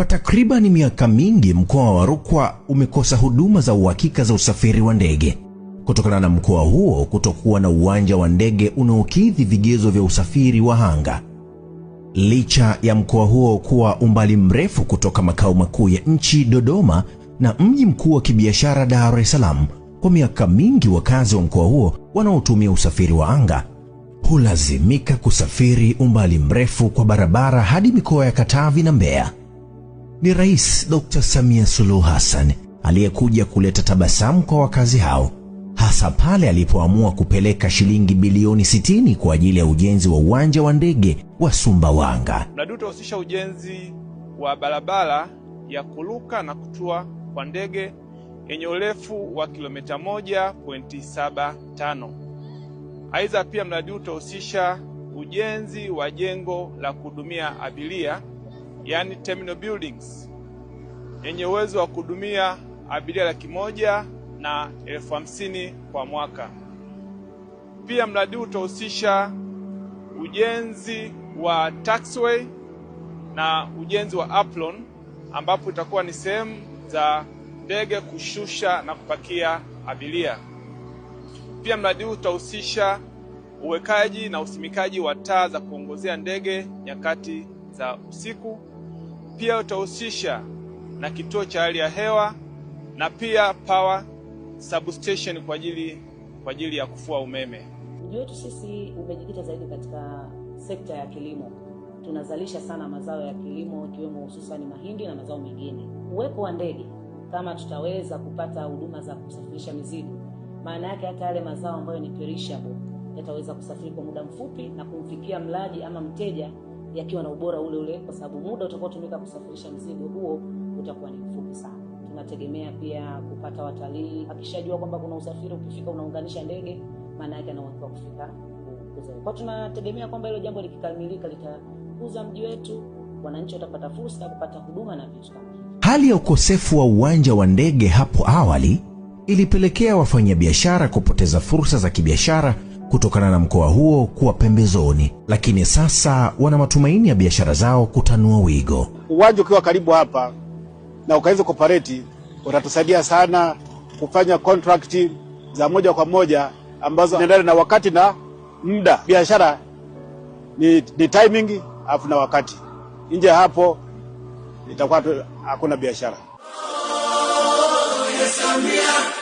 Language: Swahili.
Kwa takriban miaka mingi mkoa wa Rukwa umekosa huduma za uhakika za usafiri wa ndege kutokana na mkoa huo kutokuwa na uwanja wa ndege unaokidhi vigezo vya usafiri wa anga. Licha ya mkoa huo kuwa umbali mrefu kutoka makao makuu ya nchi Dodoma na mji mkuu wa kibiashara Dar es Salaam, kwa miaka mingi wakazi wa mkoa huo wanaotumia usafiri wa anga hulazimika kusafiri umbali mrefu kwa barabara hadi mikoa ya Katavi na Mbeya ni Rais Dr. Samia Suluhu Hassan aliyekuja kuleta tabasamu kwa wakazi hao, hasa pale alipoamua kupeleka shilingi bilioni 60 kwa ajili ya ujenzi wa uwanja wa ndege wa Sumbawanga. Mradi utahusisha ujenzi wa barabara ya kuruka na kutua kwa ndege yenye urefu wa kilomita 1.75. Aidha, pia mradi utahusisha ujenzi wa jengo la kuhudumia abiria yani terminal buildings yenye uwezo wa kuhudumia abiria laki moja na elfu hamsini kwa mwaka. Pia mradi huu utahusisha ujenzi wa taxiway na ujenzi wa apron, ambapo itakuwa ni sehemu za ndege kushusha na kupakia abiria. Pia mradi huu utahusisha uwekaji na usimikaji wa taa za kuongozea ndege nyakati za usiku pia utahusisha na kituo cha hali ya hewa na pia power substation kwa ajili kwa ajili ya kufua umeme. Mji wetu sisi umejikita zaidi katika sekta ya kilimo. Tunazalisha sana mazao ya kilimo ikiwemo hususani mahindi na mazao mengine. Uwepo wa ndege, kama tutaweza kupata huduma za kusafirisha mizigo, maana yake hata yale mazao ambayo ni perishable yataweza kusafiri kwa muda mfupi na kumfikia mlaji ama mteja yakiwa na ubora ule ule, kwa sababu muda utakaotumika kusafirisha mzigo huo utakuwa ni mfupi sana. Tunategemea pia kupata watalii. Akishajua kwamba kuna usafiri, ukifika unaunganisha ndege, maana yake anaukiwa kufika kwa tunategemea kwamba hilo jambo likikamilika litakuza mji wetu, wananchi watapata fursa ya kupata huduma na vitu kama Hali ya ukosefu wa uwanja wa ndege hapo awali ilipelekea wafanyabiashara kupoteza fursa za kibiashara kutokana na mkoa huo kuwa pembezoni, lakini sasa wana matumaini ya biashara zao kutanua wigo. Uwanja ukiwa karibu hapa na ukaweza kupareti, utatusaidia sana kufanya contract za moja kwa moja ambazo zinaendana na wakati na muda. Biashara ni, ni timing afu na wakati. Nje hapo itakuwa hakuna biashara. Oh, yes,